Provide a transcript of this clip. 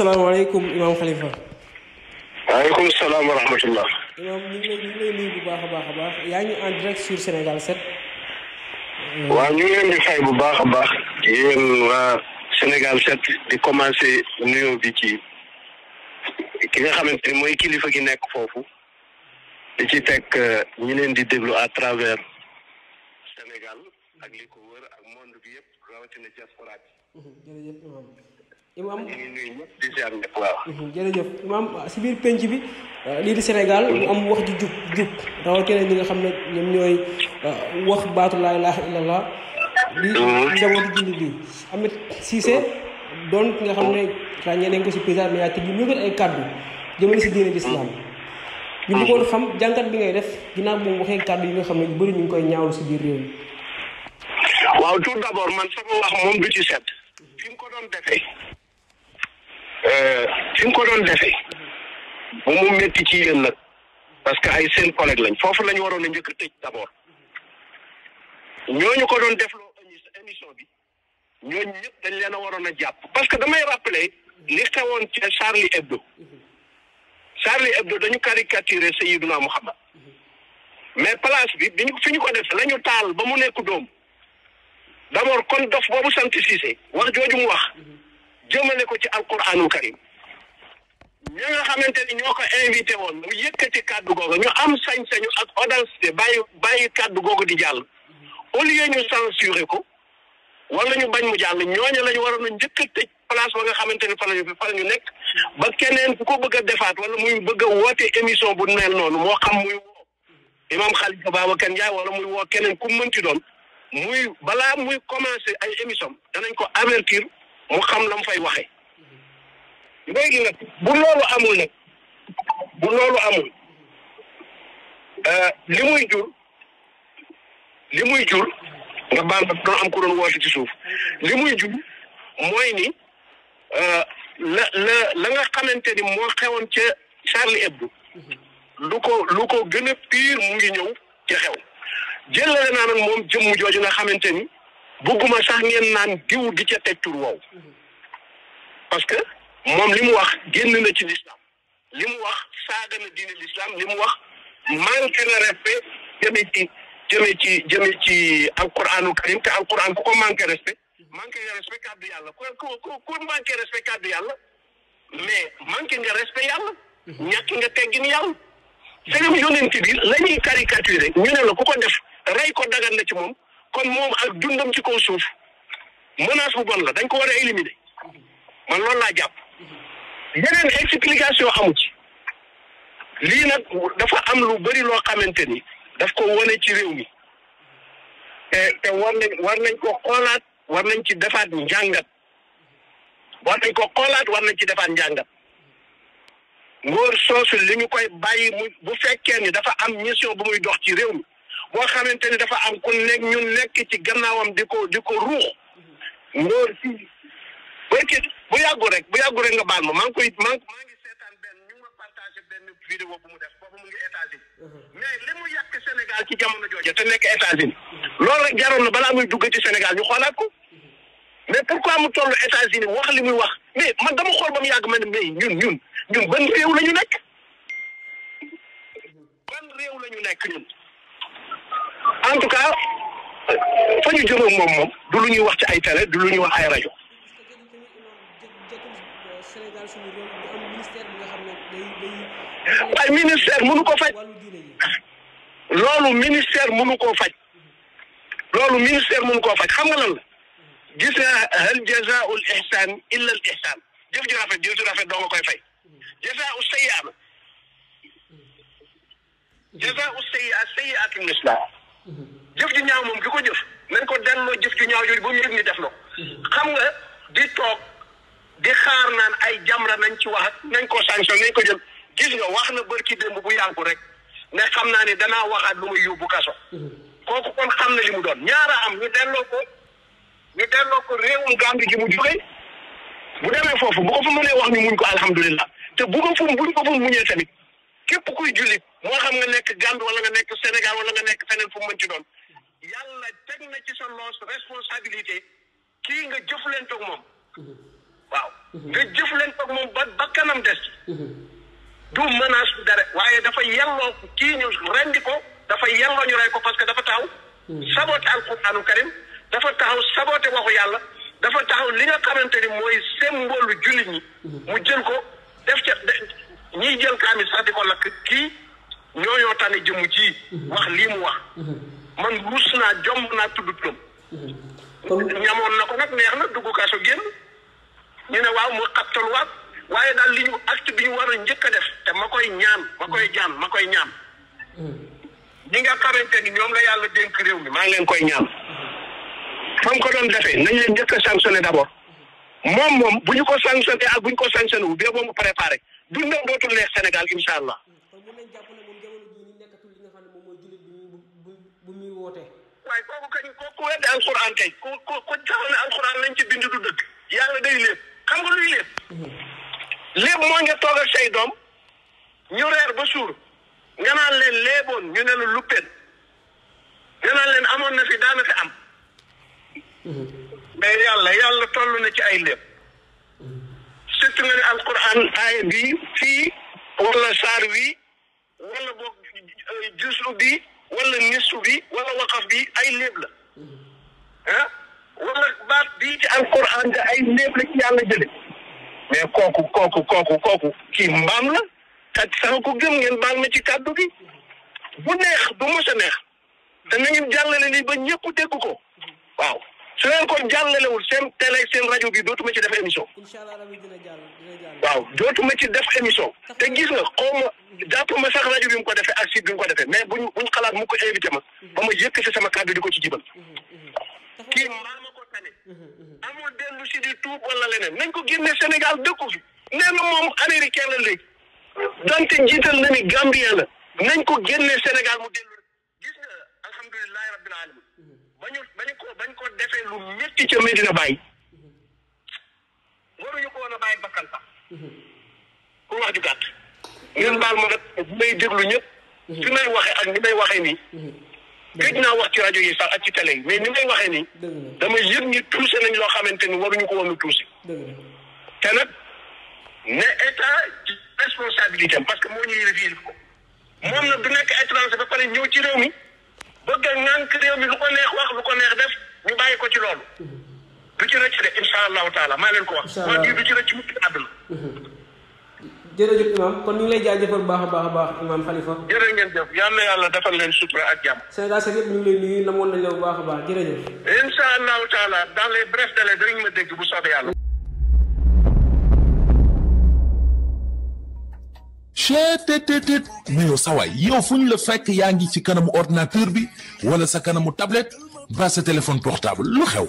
asalaamaaleykum Imaam Khalifa. waaleykum salaam wa Imaam ñu baax a baax a baax yaa ngi waaw ñu leen di fay bu baax a baax. yéen waa Sénégal 7 di commencé nuyoo bi ci ki nga xamante ni mooy kilifa gi nekk foofu. di ci teg euh, ñu leen di déglu à travers Sénégal ak li ko wër ak monde bi yëpp rawatina diaspora imaam mhm, jërëjëf imaam si biir penc bi euh, lii di Sénégal mu am wax ji jub jub rawatina ñi nga xam ne ñoom ñooy euh, wax baatu laa ilaaha illallah mhm. di njabootu jullit bi Ahmed Cissé doon ki nga xam ne ràññee nañ ko si paysane mais yaa tëdd ñu ay kàddu jëmale si diine lislaam mhm. ñu bëggoon xam jànkat bi ngay def ginnaaw moom mu waxee kàddu yi nga xam ne ñu bëri ñu ngi koy ñaawlu si biir réew mi waaw tout d'abord man sama wax moom du ci set fi mu ko doon defee Euh, fi mu ko doon defee bu mu métti ci yéen nag parce que ay seen collègue lañ foofu lañ waroon a njëkk a tëj d'abord ñooñu ko doon defloo émission bi ñooñu ñëpp dañ leen a waroon a jàpp parce que damay rappeler li xewoon ci Charlie Hebdo Charlie Hebdo dañu caricaturer Seydina Mouhamad mais place bi bi ñu fi ñu ko def la ñu taal ba mu nekku doom d'abord kon dof boobu santi Cissé wax jooju mu wax jëmale ko ci alquraanu karim ñi nga xamante ni ñoo ko invité woon mu yëkkati kàddu googu ñu am sañ-sañu ak audacité bàyyi bàyyi kàddu googu di jàll au lieu ñu censuré ko wala ñu bañ mu jàll ñooñu la ñu waroon a njëkk a tëj place ba nga xamante ni fa la ñu fa la ñu nekk ba keneen ku ko bëgg a defaat wala muy bëgg a woote émission bu mel noonu moo xam muy woo imam Khalifa kenn Ndiaye wala muy woo keneen ku mënti doon muy balaa muy commencé ay émission danañ ko avertir. mu xam la mu fay waxe léegi nag bu loolu amul nag bu loolu amul euh, li muy jur li muy jur nga baal ba doon am ku doon woote ci suuf li muy jur mooy ni euh, la la la nga xamante ni moo xewoon ca Charlie Hebdo lu ko lu ko gën a pire mu ngi ñëw ca xew jël la naa noon moom jëmm jooju nga xamante ni bëgguma sax ngeen naan diw di ca teg tur woowu parce que moom li mu wax génn na ci l'islam li mu wax saaga na diine l'islam li mu wax manqué na respect jëmee ci jëmee ci jëmee ci alquranu karim te alquran ku ko manqué respect manqué nga respect yàlla ku ku ku manqué respect kàddu yàlla mais manqué nga respect yàlla ñàkk nga teggin yàlla sëriñ yonent bi la ñuy caricaturé ñu ne la ku ko def rey ko dagan na ci moom kon moom ak dundam ci kaw suuf menace bu bon la dañ ko war a éliminer man loolu laa jàpp yeneen explication amu ci lii nag dafa am lu bari loo xamante ni daf ko wane ci réew mi te war nañ war nañ ko xoolaat war nañ ci defaat njàngat war nañ ko xoolaat war nañ ci defaat njàngat ngóor soosu li ñu koy bàyyi mu bu fekkee ni dafa am mission bu muy dox ci réew mi boo xamante ni dafa am ku nekk ñu nekk ci gannaawam di ko di ko ruux ngóor si barki bu yàggul rek bu yàggul rek nga baal ma maa ngi koy maa ngi maa ngi seetaan benn ñu ngi ma mu def boobu mhm. mais li yàq Sénégal ci jamono jooja te nekk États-Unis loolu rek jaroon na balaa muy dugg ci Sénégal ñu xoolaat ko mais pourquoi mu toll États-Unis wax li muy wax mais man dama xool ba mu yàgg ma ne mais ñun ñun ñun ban réew la ñu nekk ban réew la ñu nekk ñun en tout cas fa moom moom du lu ñuy wax ci ay télé du lu ñuy wax ay rajo. waaye euh, ministère mënu ko faj loolu ministère mënu koo faj loolu ministère mënu ko faj xam nga lan la gis nga hal jazaa'ul ihsaan illa al ihsaan jëf ju rafet jëf ju rafet doo nga koy fay jazaa'u sayyi'a mm. jazaa'u sayyi'a sayyi'atun misluha jëf ju ñaaw moom ki ko jëf nañ ko delloo jëf ju ñaaw yooyu ba mu yëg ni def na ko xam nga di toog di xaar naan ay jamra nañ ci wax nañ ko sanction nañ ko jël gis nga wax na bër ci démb bu yàggu rek ne xam naa ne danaa waxaat lu muy bu kaso kooku kon xam na li mu doon ñaara am ñu delloo ko ñu delloo ko réewum Gàmbi gi mu jógee bu demee foofu bu ko fa mënee wax ñu muñ ko alhamdulilah te bu ko fu buñ ko mu muñee tamit képp kuy jullit moo xam nga nekk Gambie wala nga nekk Sénégal wala nga nekk feneen fu mu mën ci doon yàlla teg na ci sa loos responsabilité kii nga jëflanteeg moom waaw nga jëflanteeg moom ba ba kanam des du menace bu dara waaye dafa yelloo kii ñu rendi ko dafa yelloo ñu rey ko parce que dafa taxaw saboté alquranu karim dafa taxaw saboté waxu yàlla dafa taxaw li nga xamante ni mooy symbole jullit ñi mu jël ko def ca ñiy jël kaamil sax di ko lakk kii ñoo ñoo tànn jëmm ji. Mhm. wax lii mu wax. Mhm. man ruus naa jomb naa tudd turam. Mhm. ñamoon na ko nag neex na dugg kaso génn. ñu ne waaw mu xabtaluwaat waaye daal li ñu acte bi ñu war a njëkk def te ma koy ñaan ma koy jaan ma koy ñaan. ñi nga xamante ni ñoom la yàlla dénk réew mi maa ngi leen koy ñaan. fam ko doon defee nañ leen njëkk a sanctionné moom moom bu ñu ko sanctionné ak bu ñu ko sanctionné wu bee moom préparé dundam dootul neex Sénégal incha allah. wute. waaye kooku kañ ko weddi alxuraan kay ku ku ku taxaw ne lañ ci bind du dëgg yàlla day lépp xam nga luy lépp. Mm-hmm. lépp mooy nga toog ak say doom ñu reer ba suur nga naan leen léeboon ñu ne la luppeen nga naan leen amoon na fi daana fi am. Mm-hmm. mais yàlla yàlla toll na ci ay lépp. Mm-hmm. surtout nga ne alquran aaya bi fii wala saar wi wala boog juslu bi wala xaddu bi wala waqaf bi ay léeb la ah wala baat bi ci alquran da ay léeb la ci yàlla jële mais kooku kooku kooku kooku kii mbaam la kat sax ko gëm ngeen baal ma ci kàddu gi bu neex bu mos a neex te na ngeen jàllale lii ba ñëpp dégg ko waaw su leen ko jàllalewul seen télé seen rajo bi dootuma ci def émission waaw dootuma ci def émission te gis nga xaw jàpp ma sax rajo bi mu ko defee ak bi mu ko defee mais buñ buñ xalaat mu ko invité ma ba ma yëkkati sama kàddu di ko ci jibal kii maa ma ko tane mm-hmm, mm-hmm. amul dellu si di tuub wala leneen nañ ko génne Sénégal dëkku fi nee na moom américain la léegi donte jiital na ni Gambien la nañ ko génne Sénégal mu dellu gis nga alhamdulilahi rabbil alamin mm-hmm. bañu ba ko bañ ko defee lu métti ca Medina Baye ko woon bàyyi ngeen baal ma nag bu may déglu ñëpp. fi may waxee ak ni may waxee nii. gëj naa wax ci rajo yi sax ak ci télé yi mais ni may waxee nii. dama yëg ni tuuse nañ loo xamante ni waruñu ko woon a tuuse. te nag ne état ci responsabilité am parce que moo ñuy révier ko. moom nag du nekk étranger ba pare ñëw ci réew mi bëgg a ŋànk réew mi lu ko neex wax lu ko neex def ñu bàyyi ko ci loolu. du ci rëcc de incha allahu taala maa leen ko wax. incha allah du ci rëcc mukk àdduna. jërëjëf imam kon ñu ngi lay jaajëfal baax a baax a baax imam xalifa ngeen jëf yal na yàlla defal leen sutura ak jàmm Sénégal sa yëpp ñu ngi lay na namoon nañ la bu baax a baax jërëjëf insha allahu taala dans les brefs délais danañ ma dégg bu soobee yàlla chetttt mais yow sa waay yow fu ñu la fekk yaa ngi ci kanamu ordinateur bi wala sa kanamu tablette ba sa téléphone portable lu xew